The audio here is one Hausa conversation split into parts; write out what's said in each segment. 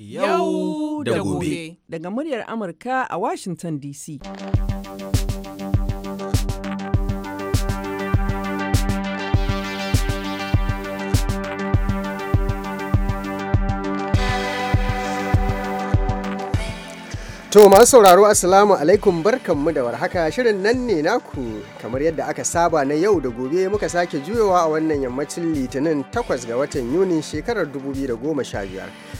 yau da gobe daga muryar amurka a washington dc To masu sauraro Assalamu alaikum barkan mu da warhaka shirin nan ne naku kamar yadda aka saba na yau da gobe muka sake juyowa a wannan yammacin litinin 8 ga watan Yuni shekarar 2015.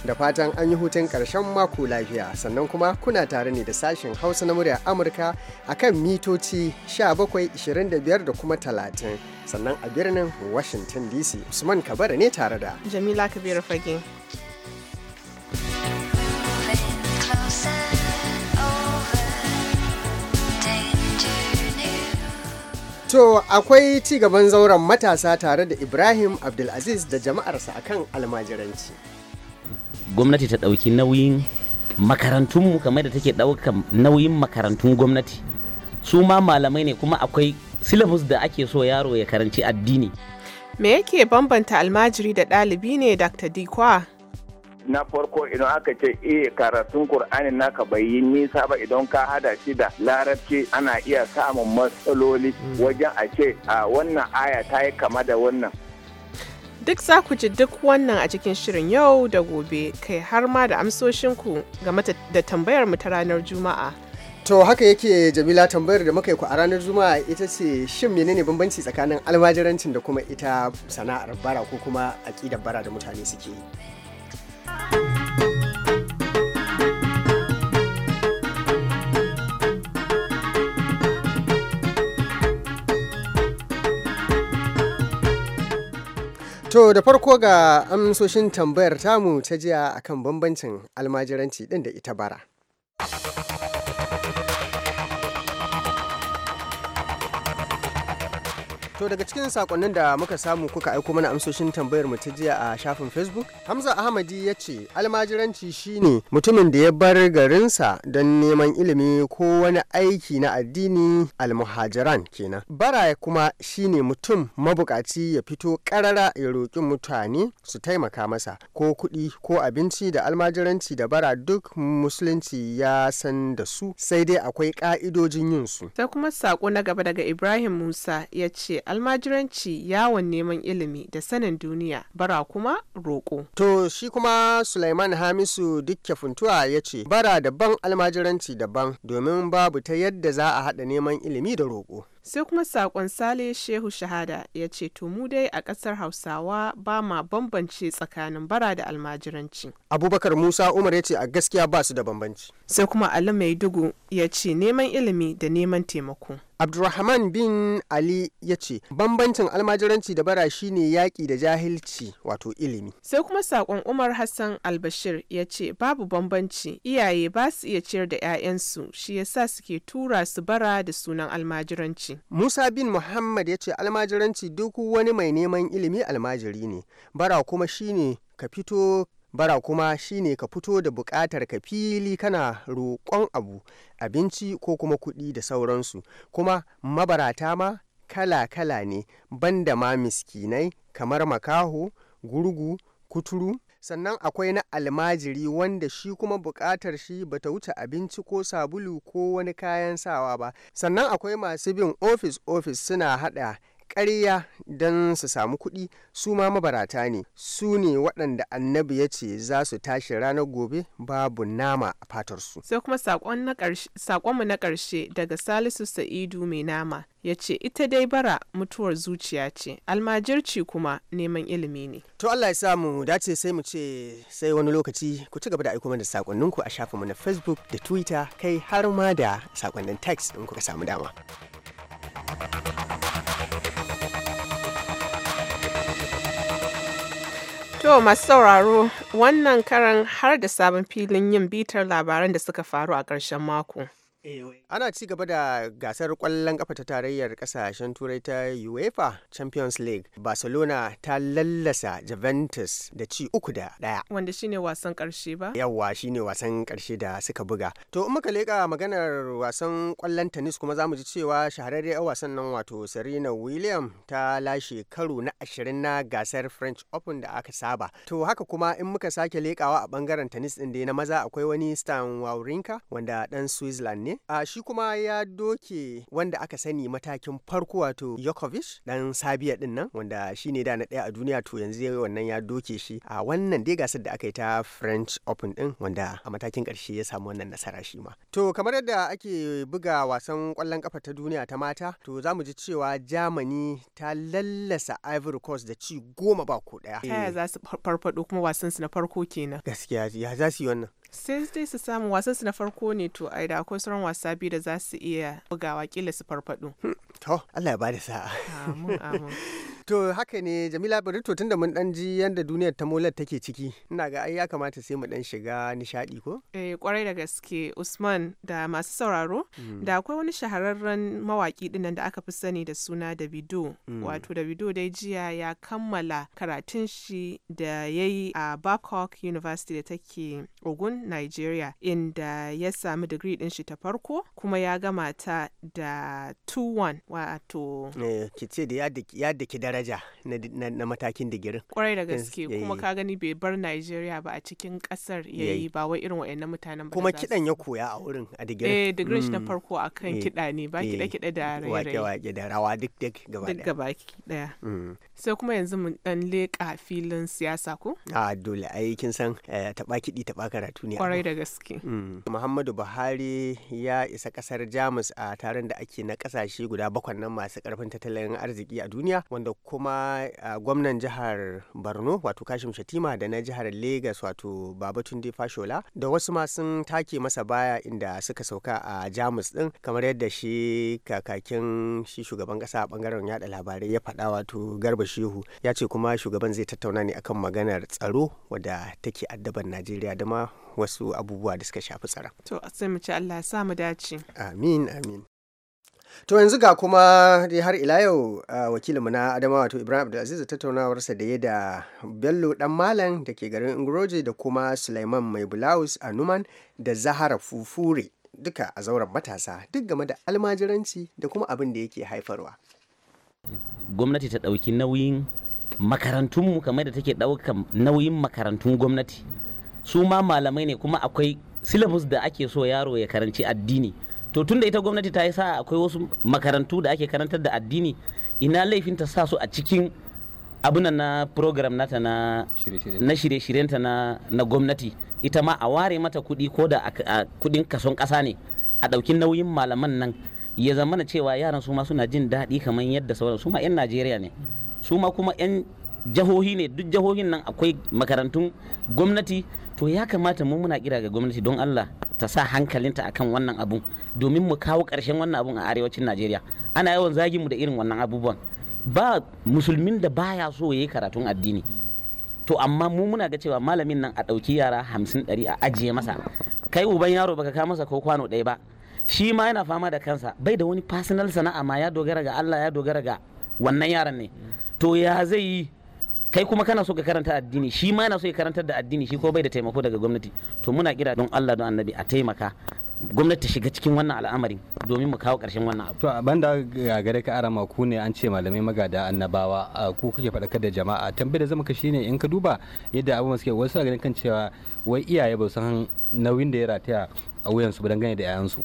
da fatan an yi hutun karshen mako lafiya sannan kuma kuna tare ne da sashen hausa na muryar amurka akan mitoci 1725 da kuma 30 sannan a birnin washington dc usman kabara ne tare da jamila kabiru fage To akwai ci gaban zauren matasa tare da Ibrahim Abdulaziz da jama'arsa akan almajiranci. gwamnati ta ɗauki nauyin makarantunmu kamar da take ɗaukan nauyin makarantun gwamnati su ma malamai ne kuma akwai silabus da ake so yaro ya karanci addini me yake bambanta almajiri da ɗalibi ne dr dikwa na farko idan aka ce iya eh, karatun kur'ani naka bai yi nisa ba idan ka hada shi da larabci ana iya samun matsaloli hmm. wajen a ce a ah, wannan aya ta yi kama da wannan Duk za ku ji duk wannan a cikin shirin yau da gobe kai har ma da amsoshinku game da tambayar mu ta ranar Juma'a. To haka yake Jamila tambayar da muka yi ku a ranar Juma'a ita ce shin menene bambanci tsakanin almajirancin da kuma ita sana'ar bara ko kuma aƙidar bara da mutane suke yi. To da farko ga amsoshin tambayar tamu ta jiya akan bambancin almajiranci din da ita bara. To daga cikin sakonnin da muka samu kuka aiko mana amsoshin tambayar mu ta jiya a shafin Facebook, Hamza Ahmadi ya ce almajiranci shine mutumin da ya bar garinsa don neman ilimi ko wani aiki na addini almuhajiran kenan. Bara kuma shine mutum mabukaci ya fito karara ya roƙi mutane su taimaka masa ko kuɗi ko abinci da almajiranci da bara duk musulunci ya san da su sai dai akwai ka'idojin yin su. Sai kuma sako na gaba daga Ibrahim Musa ya ce almajiranci yawon neman ilimi da sanin duniya bara kuma roƙo. To shi kuma Sulaiman Hamisu duk Funtuwa ya ce bara daban almajiranci daban domin babu ta yadda za a haɗa neman ilimi da roƙo. sai kuma saƙon sale shehu shahada ya ce to mu dai a ƙasar hausawa ba ma bambance tsakanin bara da almajiranci abubakar musa umar ya ce a gaskiya ba su da bambanci sai kuma ali Maidugu ya ce neman ilimi da neman taimako Abdulrahman bin Ali ya ce, Bambancin almajiranci da bara shine yaƙi da jahilci wato ilimi. Sai kuma saƙon Umar Hassan Albashir ya ce, Babu bambanci, iyaye ba su iya ciyar da 'ya'yansu, shi yasa suke tura su bara da sunan almajiranci. Musa bin Muhammad ya ce, Almajiranci duk wani mai neman ilimi almajiri ne, bara kuma shine ka fito bara kuma shine ka fito da buƙatar ka fili kana roƙon abu abinci ko kuma kuɗi da sauransu kuma mabarata ma kala-kala ne banda ma miskinai kamar makaho gurgu kuturu sannan akwai na almajiri wanda shi kuma buƙatar shi bata wuce abinci ko sabulu ko wani kayan sawa ba sannan akwai masu bin ofis ofis suna haɗa ƙarya don su samu kuɗi su ma mabarata ne su ne waɗanda annabi ya ce za su tashi ranar gobe babu nama a fatarsu sai kuma saƙonmu na ƙarshe daga salisu sa'idu mai nama ya ce ita dai bara mutuwar zuciya ce almajirci kuma neman ilimi ne to Allah ya samu dace sai mu ce sai wani lokaci ku ci gaba da aiko mana sakonninku a shafinmu na facebook da twitter kai har ma da sakonnin text in kuka samu dama To masu sauraro wannan karan har da sabon filin yin bitar labaran da suka faru a ƙarshen mako. Ana ci gaba da gasar kwallon kafa ta tarayyar kasashen turai ta UEFA Champions League. Barcelona ta lallasa Juventus da ci uku da daya. Wanda shine wasan karshe ba? Yawwa shine wasan karshe da suka buga. To in muka leka maganar wasan kwallon tennis kuma za mu ji cewa shahararriyar 'yan wasan nan wato Serena William ta lashe karo na ashirin na gasar French Open da aka saba. To haka kuma in muka sake leƙawa a bangaren tennis din da na maza akwai wani Stan Wawrinka wanda dan Switzerland ne ne a shi kuma ya doke wanda aka sani matakin farko wato Djokovic dan Sabiya din nan wanda ne da na daya a duniya to yanzu wannan ya doke shi a wannan dai gasar da aka yi ta French Open din wanda a matakin karshe ya samu wannan nasara shi ma to kamar yadda ake buga wasan kwallon kafa ta duniya ta mata to za mu ji cewa Germany ta lallasa Ivory Coast da ci goma ba ko daya ta za su farfado kuma wasan su na farko kenan gaskiya ya za su yi wannan sai dai su samu wasan su na farko ne to ai da akwai sauran wasa biyu da za su iya bugawa kila su farfado hmm, to Allah ya bada sa'a amin amin To haka ne Jamila bari to tunda mun dan ji yadda duniyar ta molar take ciki ina ga ai ya kamata sai mu dan shiga nishadi ko? Eh kwarai da gaske Usman da masu sauraro mm. da akwai wani shahararren mawaki dinnan da aka fi sani da suna Davido mm. wato Davido dai jiya ya kammala karatun shi da yayi a Babcock University da take Ogun Nigeria inda ya sami digiri din shi ta farko kuma ya gama ta da 2-1 wato. Eh ki ce da ya ki daren daraja na, matakin digirin kwarai da gaske kuma ka gani bai bar Najeriya ba a cikin kasar yayi ba wai irin wayannan mutanen ba kuma kidan ya koya a wurin a digirin eh digirin shi na mm. farko akan eh, kida ne ba kida eh. kida da raye wake wake da rawa duk duk gaba daya sai kuma yanzu mu dan leƙa filin siyasa ko? a dole ai kin san eh, taɓa kiɗi taɓa karatu ne kwarai da gaske mm. muhammadu buhari ya isa ƙasar jamus a taron da ake na ƙasashe guda bakwai nan masu ƙarfin tattalin arziki a duniya wanda kuma gwamnan jihar borno wato kashim shatima da na jihar lagos wato babatunde fashola da wasu ma sun take masa baya inda suka sauka a jamus din kamar yadda shi kakakin shi shugaban ƙasa a bangaren yaɗa labarai ya faɗa wato garba shehu ya ce kuma shugaban zai tattauna ne akan maganar tsaro wadda take addaban najeriya da ma wasu abubuwa da suka shafi tsara to sai mu ci allah sa mu dace amin amin To yanzu ga kuma dai har ila yau wakilinmu na Adamawa to Ibrahim Abdulaziz tattaunawarsa da ya da Bello dan Malam da ke garin Ingroje da kuma suleiman Mai bulaus a Numan da Zahara Fufure duka a zauren matasa duk game da almajiranci da kuma abin da yake haifarwa. gwamnati ta ɗauki nauyin makarantunmu kamar da take ɗaukan nauyin makarantun gwamnati su ma malamai ne kuma akwai syllabus da ake so yaro ya karanci addini to tunda ita gwamnati ta yi sa akwai wasu makarantu da ake karantar da addini ina laifin ta sa su a cikin abunan na program nata na shirye-shiryenta na, na gwamnati ita ma a ware mata kuɗi ko da kudin kason kasa ne a ɗauki nauyin malaman nan ya zamana cewa yaran su ma suna jin daɗi kamar yadda sauran su ma 'yan najeriya ne su ma kuma 'yan jahohi ne duk jahohin nan akwai makarantun gwamnati to ya kamata mu muna kira ga gwamnati don Allah ta sa hankalinta akan wannan abun domin mu kawo ƙarshen wannan abun a arewacin Najeriya ana yawan zagin mu da irin wannan abubuwan ba musulmin da baya so ya yi karatun addini to amma mu muna ga cewa malamin nan a ɗauki yara hamsin ɗari a ajiye masa kai uban yaro baka ka masa ko kwano ɗaya ba shi ma yana fama da kansa bai da wani personal sana'a ma ya dogara ga Allah ya dogara ga wannan yaran ne to ya zai yi kai kuma kana so ka karanta addini shi ma yana so ya karantar da addini shi ko bai da taimako daga gwamnati to muna kira don Allah don Annabi a taimaka gwamnati shiga cikin wannan al'amarin domin mu kawo ƙarshen wannan abu. To a ga gare ka arama ku ne an ce malamai magada annabawa ku kuke faɗakar da jama'a tambayar da zama ka shine in ka duba yadda abu suke wasu a ganin kan cewa wai iyaye ba san nauyin da ya rataya a wuyansu ba dangane da 'ya'yansu.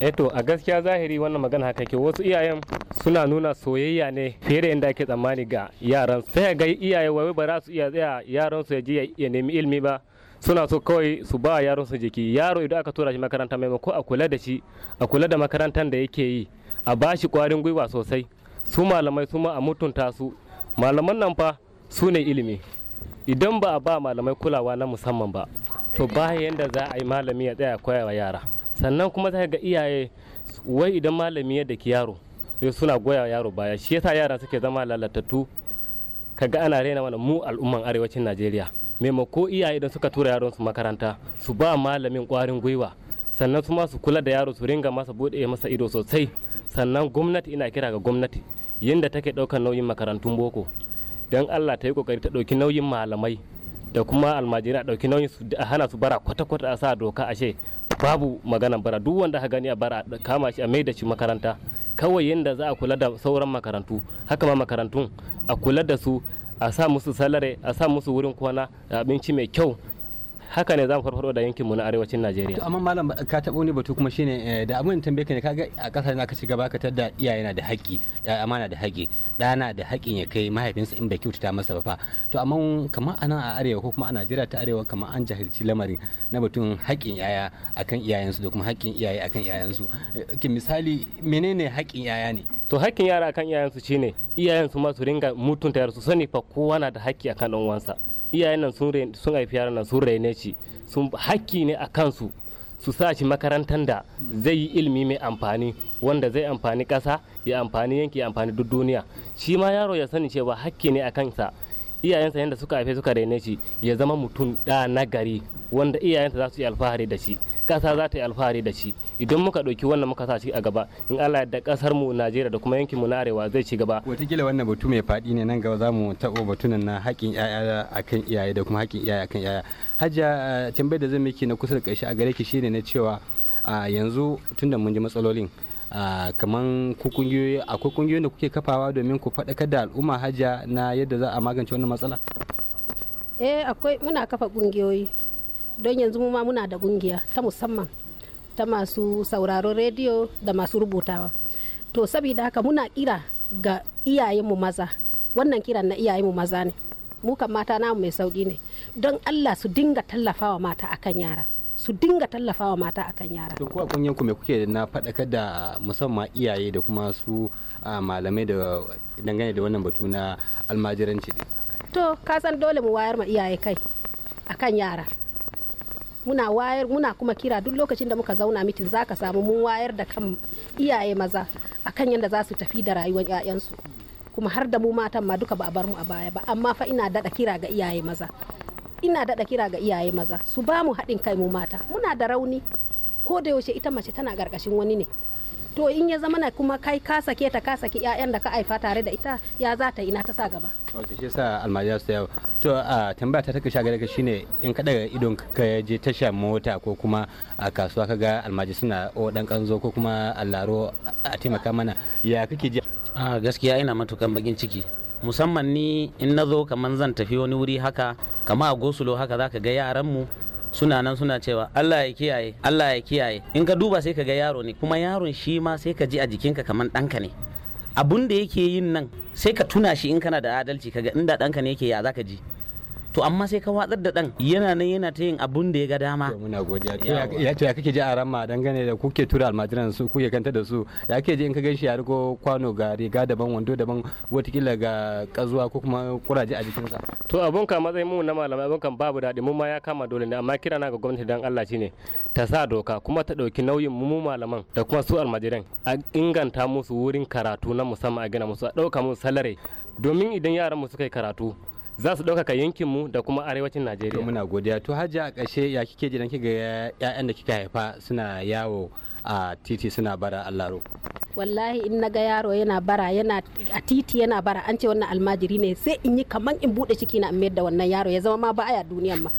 Eto, eh a gaskiya zahiri wannan magana haka ke wasu iyayen suna nuna soyayya ne fiye da yadda ake tsammani ga yaran sai ga iyaye wai ba za su iya tsaya yaran su ya ya nemi ilimi ba suna so kawai su ba yaron su jiki yaro idan aka tura shi makaranta maimako a kula da shi a kula da makarantar da yake yi a ba shi kwarin gwiwa sosai su malamai su ma a mutunta su malaman nan fa su ne ilimi idan ba a ba malamai kulawa na musamman ba to ba yadda za a yi malami ya tsaya wa yara sannan kuma za ga iyaye wai idan malami ya daki yaro suna goya yaro baya shi yasa yara suke zama lalatattu ga ana raina mana mu al'umman arewacin najeriya maimako iyaye idan suka tura yaron su makaranta su ba malamin kwarin gwiwa sannan su su kula da yaro su ringa masa bude masa ido sosai sannan gwamnati ina kira ga gwamnati yadda take ɗaukar nauyin makarantun boko don allah ta yi kokari ta ɗauki nauyin malamai da kuma almajirai a ɗauki nauyin su a hana su bara kwata-kwata a sa doka ashe babu magana bara duk wanda hagani a bara kama shi a mai da shi makaranta kawai yadda za a kula da sauran makarantu haka ma makarantun a kula da su a sa musu salare a sa musu wurin kwana da abinci mai kyau haka ne za mu farfaro da yankinmu na arewacin najeriya amma malam ka tabo ne batu kuma shine eh, da abin tambaye ka ne kaga a ƙasar na ka ci gaba ka tadda iyaye na da haƙƙi amana da haƙƙi ɗana da haƙƙin ya kai mahaifinsa in bai kyautata masa ba fa to amma kamar a nan a arewa ko kuma a najeriya ta arewa kamar an jahilci lamarin na batun haƙƙin yaya akan iyayensu da kuma haƙƙin iyaye akan iyayensu eh, ki misali menene haƙƙin yaya ne to haƙƙin yara akan iyayensu shine iyayensu ma su ringa mutunta su sani fa kowa na da haƙƙi akan ɗan uwansa iyayen nan sun haifi yaran nan sun raine shi sun hakki ne a kansu su sa shi makarantar da zai yi ilimi mai amfani wanda zai amfani ƙasa ya amfani yanki ya amfani duk duniya shi ma yaro ya sani cewa hakki ne a kansa iyayensa yadda suka haife suka raine shi ya zama mutum da na gari wanda iyayensa za su yi alfahari da shi ƙasa za ta yi alfahari da shi idan muka ɗauki wannan muka sa shi a gaba in Allah da ƙasar mu Najeriya da kuma yankin mu na arewa zai ci gaba watakila wannan batu mai faɗi ne nan gaba za mu taɓo batunan na haƙƙin yaya akan iyaye da kuma haƙƙin iyaye akan yaya hajja tambayar da zan miki na kusa da ƙarshe a gare ki shine na cewa yanzu tunda mun ji matsalolin Ah, kamar ku kungiyoyi akwai kungiyoyin da kuke kafawa domin ku faɗakar da al'umma hajja na yadda za a magance wannan matsala eh akwai muna kafa kungiyoyi don yanzu mu ma muna da kungiya ta musamman ta masu sauraron rediyo da masu rubutawa to saboda haka muna kira ga iyayenmu maza wannan kiran na iyayenmu maza ne mu kan mata namu mai sauki ne don allah su dinga tallafawa mata akan yara su dinga tallafawa mata akan yara to ko a kunyan ku me kuke na faɗakar da musamman iyaye da kuma su malamai da dangane da wannan batu na almajiranci to ka san dole mu wayar ma iyaye kai akan yara muna wayar muna kuma kira duk lokacin da muka zauna mitin zaka samu mun wayar da kan iyaye maza akan yadda za su tafi da rayuwar 'ya'yansu kuma har da mu matan ma duka ba a bar mu a baya ba amma fa ina daɗa kira ga iyaye maza ina daɗa kira ga iyaye maza su ba mu haɗin kai mu mata muna da rauni ko da yaushe ita mace tana ƙarƙashin wani ne to in ya zama na kuma kai ka sake ta ka saki ƴaƴan da ka haifa tare da ita ya za ta ina ta sa gaba wato shi yasa almajiya su yau to a tambaya ta take shagara shine in ka daga idon ka je tashar mota ko kuma a kasuwa ka ga almaji suna o dan kanzo ko kuma allaro a taimaka mana ya kake ji a gaskiya ina matukan bakin ciki musamman ni in na zo kamar zan tafi wani wuri haka kama a gosulo haka za ka ga yaranmu suna nan suna cewa Allah ya kiyaye Allah ya kiyaye in ka duba sai ka ga yaro ne kuma yaron shi ma sai ka ji a jikinka kamar ɗanka ne abun da yake yin nan sai ka tuna shi in kana da adalci kaga inda ɗanka ne yake ya za ka ji to amma sai ka watsar da dan yana nan yana ta yin abun da ya ga dama muna godiya ya to ya kake ji a ramma dangane da kuke tura almajiran su kuke kanta da su ya kake ji in ka ganshi ya rigo kwano ga riga daban wando daban watakila ga kazuwa ko kuma kuraje a jikinsa to abun kan matsayin mu na malamai abun kan babu daɗi mu ma ya kama dole ne amma kira na ga gwamnati dan Allah shine ta sa doka kuma ta ɗauki nauyin mu malaman da kuma su almajiran a inganta musu wurin karatu na musamman a gina musu a ɗauka musu salare domin idan yaran mu suka yi karatu za su yankin mu da kuma arewacin najeriya muna godiya to hajji a ƙashe ya kike ji ki kiga ƴaƴan da kika haifa suna yawo a titi suna bara ro. wallahi in naga yaro yana bara yana a titi yana bara an ce wannan almajiri ne sai in yi kaman in buɗe ciki na mayar da wannan yaro ya zama ma baya duniyan ma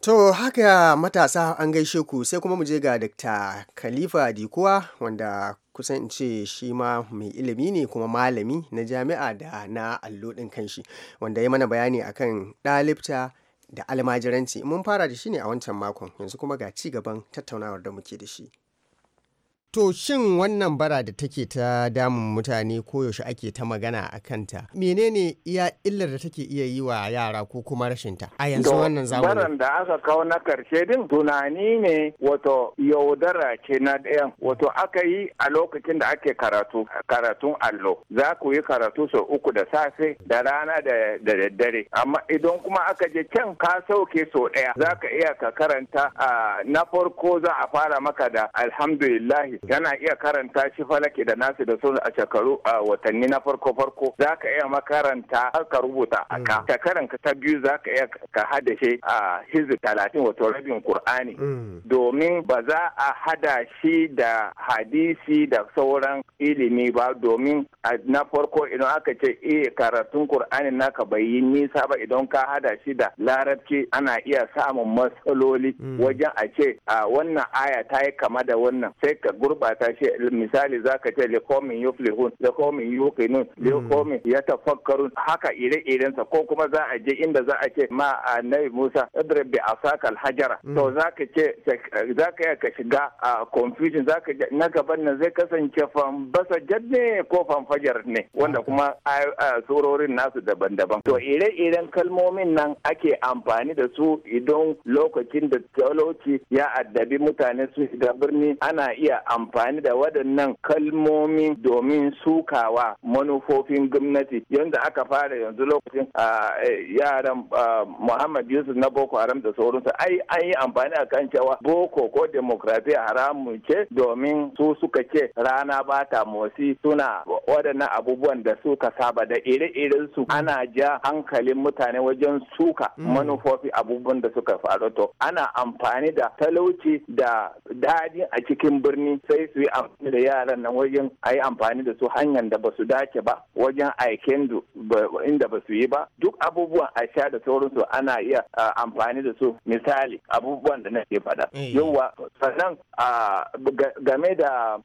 To haka matasa an gaishe ku sai kuma mu je ga Dr. Khalifa Dikuwa wanda kusan in ce shi ma mai ilimi ne kuma malami na jami'a da na allo ɗin kanshi wanda ya mana bayani akan ɗalibta da almajiranci mun fara da shi ne a wancan makon yanzu kuma ga ci gaban tattaunawar da muke da shi. To shin wannan bara da take ta damun mutane koyaushe ake ta magana a kanta menene iya illar da take iya yi wa yara ko kuma rashinta a yanzu wannan zamani. Baran da aka kawo na karshe din tunani ne wato yaudara ce na ɗayan wato aka yi a lokacin da ake karatu karatun allo za ku yi karatu sau uku da safe da rana da daddare amma idan kuma aka je can ka sauke sau ɗaya za ka iya ka karanta na farko za a fara maka da alhamdulillahi yana iya karanta shi falaki da nasu da sun a shekaru a watanni na farko farko za ka iya makaranta har ka rubuta a ka mm. shekaran ka ta biyu za ka iya ka hada shi a hizi talatin wato rabin kur'ani mm. domin ba za a hada shi da hadisi da sauran ilimi ba domin na farko idan aka ce iya eh, karatun kur'ani naka bai yi nisa ba idan ka hada shi da larabci ana iya samun matsaloli mm. wajen a ce a ah, wannan aya ta yi kama da wannan sai ka gur gurbata shi misali zaka ce likomin yuflihun likomin komin ya yatafakkarun haka ire-irensa ko kuma za a je inda za a ce ma annabi Musa idrib bi sakal hajara hmm. to zaka ce zaka ka shiga a confusion zaka na gaban nan zai kasance basa jadne ko fajar ne wanda kuma surorin nasu daban-daban to ire-iren kalmomin nan ake amfani da su idan lokacin da talauci ya addabi mutane su shiga birni ana iya amfani da waɗannan kalmomi domin sukawa manufofin gwamnati yadda aka fara yanzu lokacin yaran Muhammad Yusuf na Boko Haram da sauransu ai an yi amfani a kan cewa Boko ko demokrafiya haramun ce domin su suka ce rana ba ta motsi suna waɗannan abubuwan da suka saba da ire-iren su ana ja hankalin mutane wajen suka mm. manufofi abubuwan da suka faru to ana amfani da talauci da dadi a cikin birni sai su yi amfani da yaran nan wajen a yi amfani da su hanyar da ba su dace ba wajen aiken inda ba su yi ba duk abubuwan a sha da sauransu ana iya amfani da su misali abubuwan da na ke faɗa. Eh. Yawwa sannan game da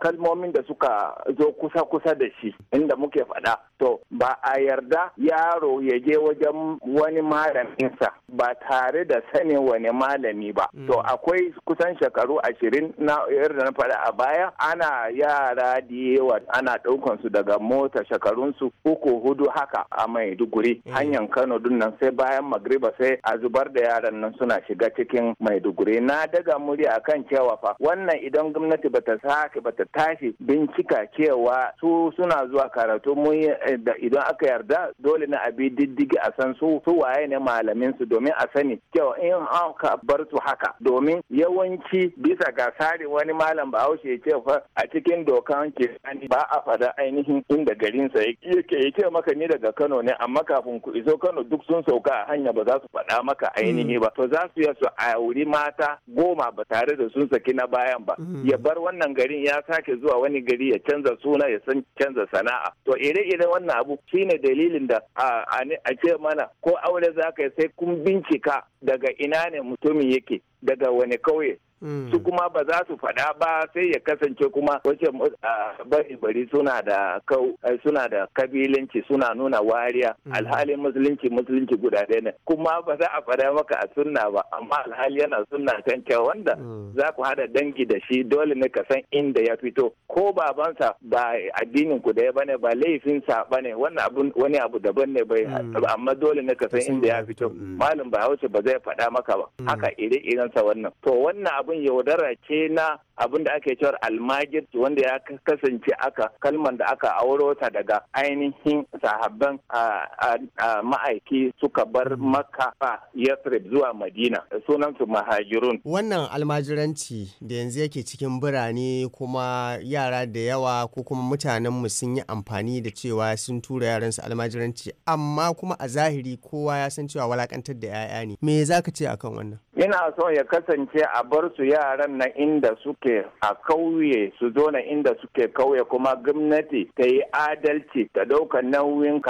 kalmomin da suka zo kusa-kusa da shi inda muke faɗa to ba a yarda yaro ya je wajen wani malaminsa ba tare da sani wani malami ba mm. to akwai kusan shekaru ashirin na da na faɗa a baya ana yara da yawa ana ɗaukan su daga mota shekarunsu uku hudu haka a maiduguri mm. hanyar kano dunnan sai bayan magriba sai a zubar da yaran nan suna shiga cikin maiduguri na daga muri akan cewa fa wannan idan gwamnati bata sake bata tashi bincika cewa su suna zuwa karatu mun da idan aka yarda dole na abi diddigi a san su su waye ne malamin su domin a sani kyau in an ka bar su haka domin yawanci bisa ga sari wani malam ba ya ce fa a cikin dokan kirani ba a fada ainihin inda garinsa yake yake maka ni daga Kano ne amma kafin ku iso Kano duk sun sauka a hanya ba za su faɗa maka ainihi ba to za su yi a auri mata goma ba tare da sun saki na bayan ba mm. ya bar wannan garin ya sake zuwa wani gari ya canza suna ya san canza sana'a to ire ire wannan abu shine dalilin da a ce mana ko aure za ka sai kun bincika daga ina ne mutumin yake daga wani kauye hmm. su kuma ba za su faɗa ba sai ya kasance kuma wace bari bari suna da kau eh, suna da kabilanci suna nuna wariya hmm. alhali musulunci musulunci guda ɗaya ne kuma ba za a faɗa maka a sunna ba amma alhali yana sunna kan cewa wanda hmm. za ku hada dangi da shi dole ne ka san inda ya fito ko babansa ba addinin ku ɗaya bane ba laifinsa bane wani abu daban ne bai amma dole ne ka san inda ya fito malam ba hausa ba zai faɗa maka ba haka ire-iren kansa wannan to wannan abin yaudara ce na abin da ake cewar almagirci wanda ya kasance aka kalman da aka auro ta daga ainihin sahabban ma'aiki suka bar hmm. maka ba yasrib zuwa madina sunan su mahajirun wannan almajiranci da yanzu yake cikin birane kuma yara da yawa ko kuma mutanenmu sun yi amfani da cewa sun tura yaransu almajiranci amma kuma a zahiri kowa ya san cewa walakantar da 'ya'ya ne me za ce akan wannan ina so ya kasance a bar su yaran na inda suke a kauye su zo na inda suke kauye kuma gwamnati ta yi adalci ta ɗauka nauyin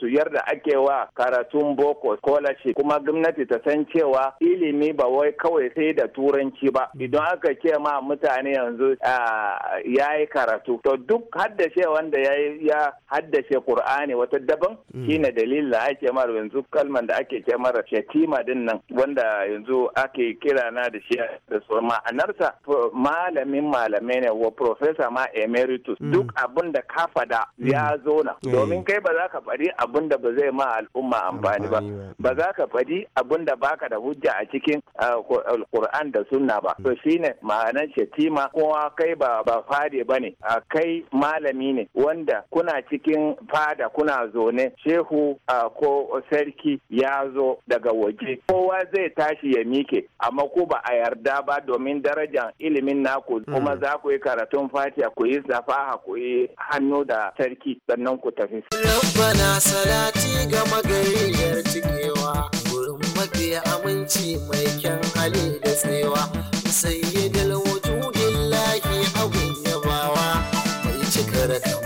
su yarda ake wa karatun boko scholarship kuma gwamnati ta san cewa ilimi ba wai kawai sai da turanci ba idan aka ce ma mutane yanzu ya yi karatu to duk haddashe wanda ya haddashe kur'ani wata daban mm. shine dalilin da ake mara yanzu kalman da ake ce mara shatima din nan wanda yanzu ake kira na da shi da ma'anarsa malamin malamai ne wa profesa ma emeritus mm. duk abin da ka fada mm. ya na eh. domin kai ba za ka fadi abin da ba zai ma al'umma amfani ba ba za ka faɗi abin da baka da hujja a cikin alkur'an da sunna ba mm. to shine ma'anar shatima kowa kai ba ba fade ba ne kai malami ne wanda kuna cikin fada kuna zone shehu ko sarki ya zo daga waje kowa zai tashi ya mike amma ko ba a yarda ba domin darajar ilimin naku hmm. kuma za ku yi karatun fati ku yi zafaha ku yi hannu da sarki sannan ku tafi. Rabbana salati ga magayyar cikewa gurin mafi aminci mai kyan hali da tsayawa sayyidul wujudin lahi abun yabawa mai cika rakawa.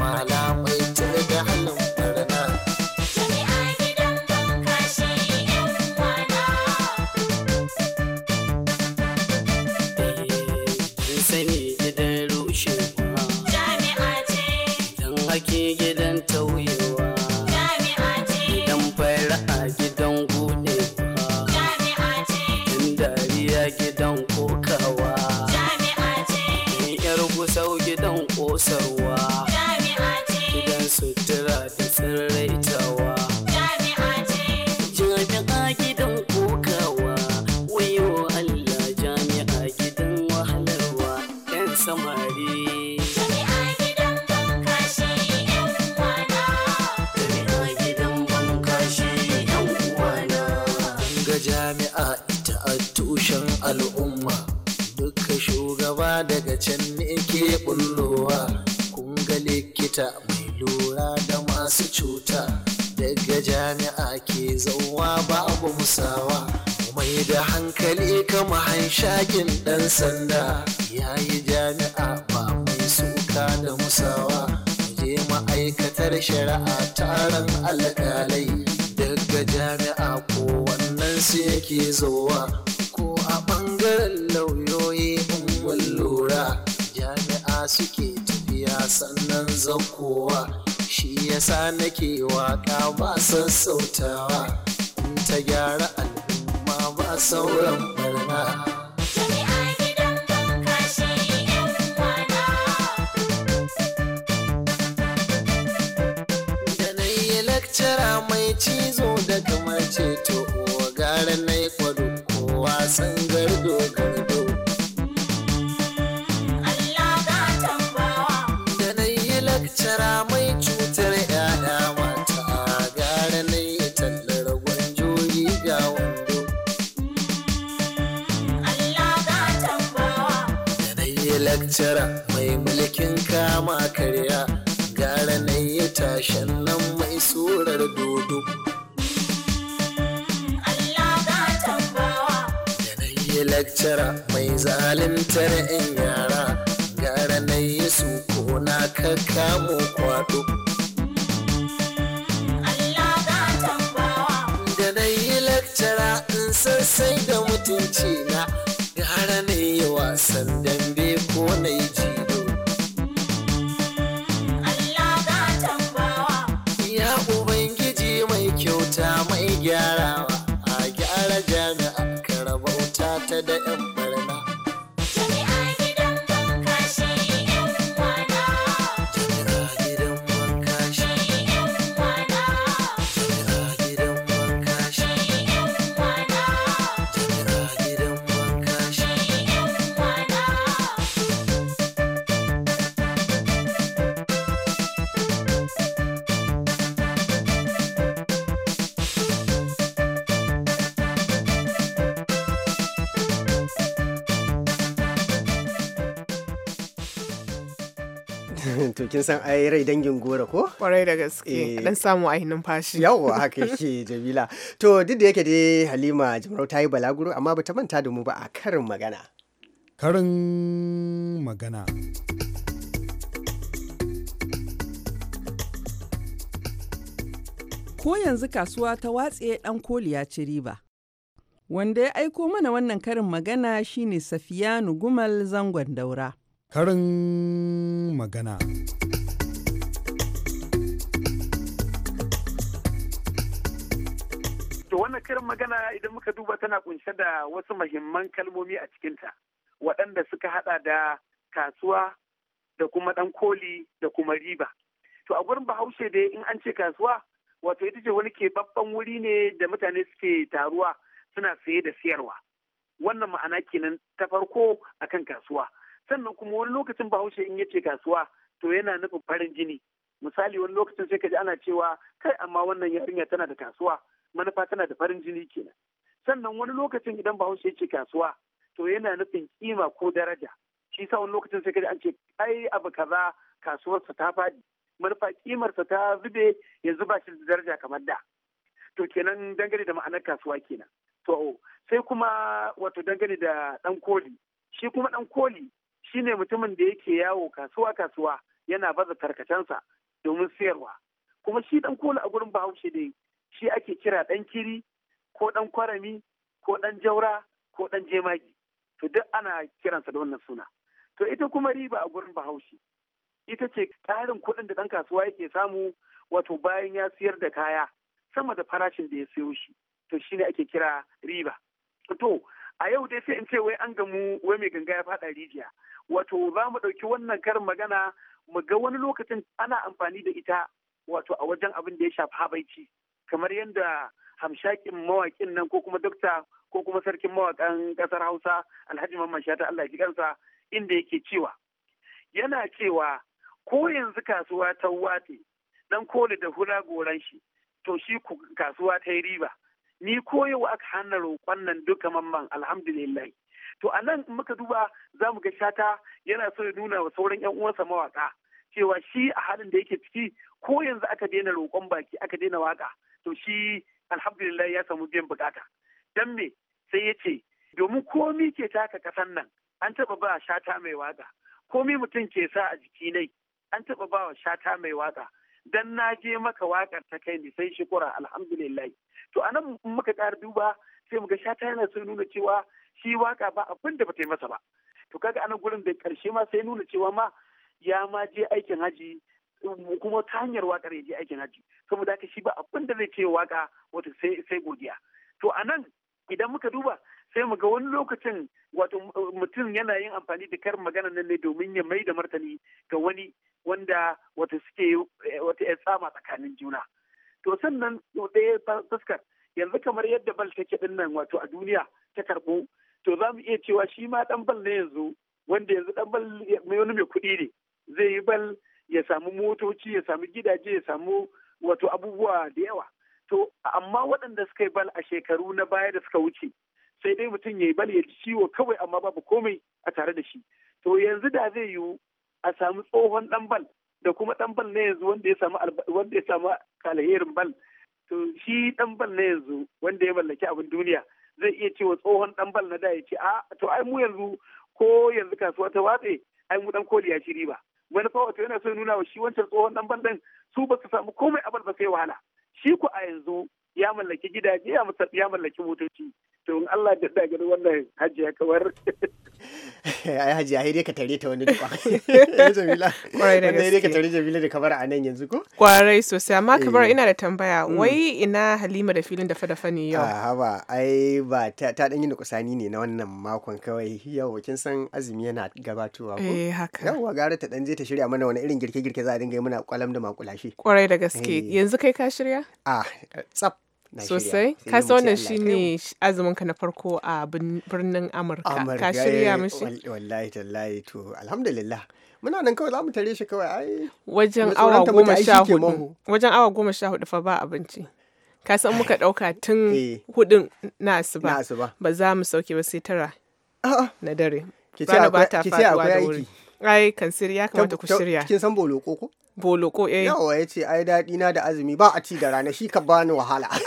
lura da masu cuta daga jami'a ke zauwa babu musawa mai da hankali kama hanshakin ɗan sanda ya yi jami'a ba mai suka da musawa je ma'aikatar shari'a taron alƙalai daga jami'a ko wannan su yake zuwa ko a ɓangaren lauyoyi in lura jami'a suke ta tafiya sannan zaukowa shi yasa nake waka ba sassautawa in ta gyara al'umma ba sauran barna lakcara mai cizo da kamar ceto cutar 'yan yara gara na yi su ko na ka kamo kwaɗo da na yi lakcara in sassai da mutunci na gara na yi wasan dambe ko na yi jido ya ubangiji mai kyauta mai gyarawa a gyara jami'an karabauta ta da 'yan kin san ai rai dangin goro ko kwarai da gaske eh. dan samu ai numfashi Yawwa haka yake Jamila to duk da yake dai Halima Jimarau ta yi balaguro amma bata manta da mu ba a karin magana karin magana ko yanzu kasuwa ta watse ɗan koli ya ci riba. Wanda ya aiko mana wannan karin magana shine Safiyanu Gumal zangon daura. karin magana. To wannan karin magana idan muka duba tana kunshe da wasu mahimman kalmomi a cikinta waɗanda suka haɗa da kasuwa da kuma ɗan koli da kuma riba. To a gurin bahaushe dai in an ce kasuwa wato ita ce wani keɓaɓɓen wuri ne da mutane suke taruwa suna saye da siyarwa. Wannan ma'ana kenan ta farko akan kasuwa. sannan kuma wani lokacin bahaushe in yace kasuwa to yana nufin farin jini misali wani lokacin sai ka ana cewa kai amma wannan yarinya tana da kasuwa manufa tana da farin jini kenan sannan wani lokacin idan bahaushe yace kasuwa to yana nufin kima ko daraja shi sa wani lokacin sai ka an ce ai abu kaza kasuwarsa ta fadi manufa kimarsa ta zube yanzu ba shi da daraja kamar da to kenan dangane da ma'anar kasuwa kenan to sai kuma wato dangane da dan koli shi kuma dan koli shine mutumin da yake yawo kasuwa kasuwa yana baza tarkacensa domin sayarwa kuma shi ɗan kola a gurin bahaushe ne shi ake kira ɗan kiri ko ɗan kwarami ko ɗan jaura ko dan jemagi to duk ana kiransa da wannan suna to ita kuma riba a gurin bahaushe ita ce ƙarin kuɗin da ɗan kasuwa yake samu wato bayan ya siyar da kaya sama da farashin da ya sayo shi to shine ake kira riba to a yau dai sai in ce wai an gamu wai mai ganga ya faɗa rijiya wato za mu ɗauki wannan karin magana mu ga wani lokacin ana amfani da ita wato a wajen abin da ya shafi habaici kamar yadda hamshakin mawakin nan ko kuma dokta ko kuma sarkin mawakan ƙasar hausa alhaji mamman shata allah ji kansa inda yake cewa yana cewa ko yanzu kasuwa ta wate dan koli da hula goran shi to shi kasuwa ta yi riba ni yau aka hana roƙon nan duka mamman alhamdulillah to a nan muka duba za mu ga shata yana so ya nuna wa sauran yan uwansa mawaka cewa shi a halin da yake ciki ko yanzu aka daina roƙon baki aka daina waka to shi alhamdulillah ya samu biyan bukata dan me sai ya ce domin komi ke taka kasan nan an taɓa ba shata mai waka komi mutum ke sa a jiki nai an taɓa ba wa shata mai waka dan na je maka wakar ta kai ni sai shukura alhamdulillah to anan muka ƙara duba sai muga shata yana sun nuna cewa shi waka ba abin da bata yi masa ba to kaga anan gurin da karshe ma sai nuna cewa ma ya ma je aikin haji kuma ta hanyar wakar ya je aikin haji saboda haka shi ba abin da zai ce waka wata sai godiya to anan idan muka duba sai mu ga wani lokacin wato mutum yana yin amfani da karin magana nan ne domin ya mai da martani ga wani wanda eh, wata suke wata ya tsama tsakanin juna to sannan ɗaya fuskar yanzu kamar yadda bal take din nan wato a duniya ta karɓo to za mu iya cewa shi ma ɗan bal na yanzu wanda yanzu ɗan bal mai wani mai kuɗi ne zai yi bal ya samu motoci ya samu gidaje ya samu wato abubuwa da yawa to amma waɗanda suka yi bal a shekaru na baya da suka wuce sai dai mutum ya yi bal ya ci ciwo kawai amma babu komai a tare da shi to yanzu da zai yiwu a samu tsohon dan bal da kuma dan bal na yanzu wanda ya samu wanda ya samu bal to shi dan bal na yanzu wanda ya mallaki abin duniya zai iya cewa tsohon dan bal na da ya ce a to ai mu yanzu ko yanzu kasuwa ta watse ai mu dan koli ya ci riba wani fa wato yana so nuna wa shi wancan tsohon dan bal din su ba su samu komai a bal ba sai wahala shi ku a yanzu ya mallaki gidaje ya mallaki motoci to in Allah da da gani wannan hajiya kamar ai hajji sai dai ka tare ta wani duka Jamila kwarai da gaske ka tare Jamila da kamar a nan yanzu ko kwarai sosai amma kamar eh. ina da tambaya mm. wai ina Halima da filin dafa dafa ne yau a ah, ba ai ba ta dan yi nukusani ne na wannan makon kawai yau kin san azumi yana gabatowa ko eh haka yawa gara ta dan je ta shirya mana wani irin girke girke za a dinga yi muna kwalam da makulashe kwarai da gaske eh. yanzu kai ka shirya a ah, tsaf sosai mm, ka san wannan shine azumin ka na farko a birnin amurka ka shirya eh, mishi wallahi tallahi to alhamdulillah muna nan kawai za mu tare shi kawai ai wajen awa goma sha hudu wajen awa goma sha hudu fa ba abinci ka san muka dauka tun eh. hudun na asuba ba za mu sauke ba sai tara na dare ki rana ba ta faduwa da wuri ai kansir ya kamata ku shirya kin san boloko ko boloko eh yawa yace ai dadi na da azumi ba a ci da rana shi ka bani wahala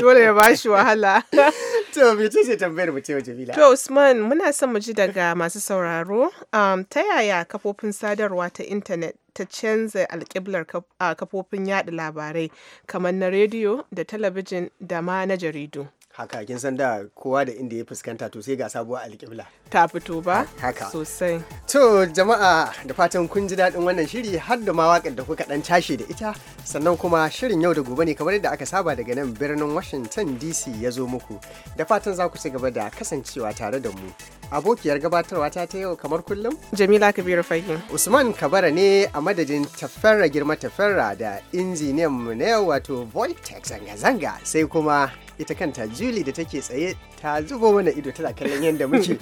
Dole ya ba shi wahala. To, mece ce tambayar mu ce Jamila? To, Usman, muna son mu ji daga masu sauraro, um, ta yaya kafofin sadarwa ta intanet ta canza alƙiblar kafofin yaɗa labarai kamar na rediyo da talabijin da ma na jaridu? haka kin san da kowa da inda ya fuskanta to sai ga sabuwa alƙibla ta fito ba haka sosai to jama'a da fatan kun ji daɗin wannan shiri har da ma waƙar da kuka ɗan tashi da ita sannan kuma shirin yau da gobe ne kamar yadda aka saba daga nan birnin washington dc ya zo muku da fatan za ku ci gaba da kasancewa tare da mu abokiyar gabatarwa ta ta yau kamar kullum jamila kabiru fahim usman kabara ne a madadin tafarra girma tafarra da injiniyan mu na yau wato voitex zanga-zanga sai kuma ita kanta Julie da take tsaye ta zubo mana ido tana kallon yadda muke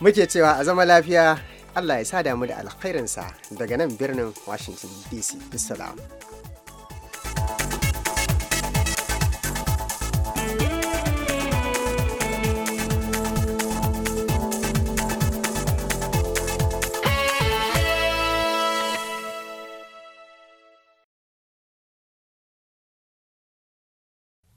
muke cewa a zama lafiya Allah ya sa damu da alkhairinsa daga nan birnin Washington DC. Assalam.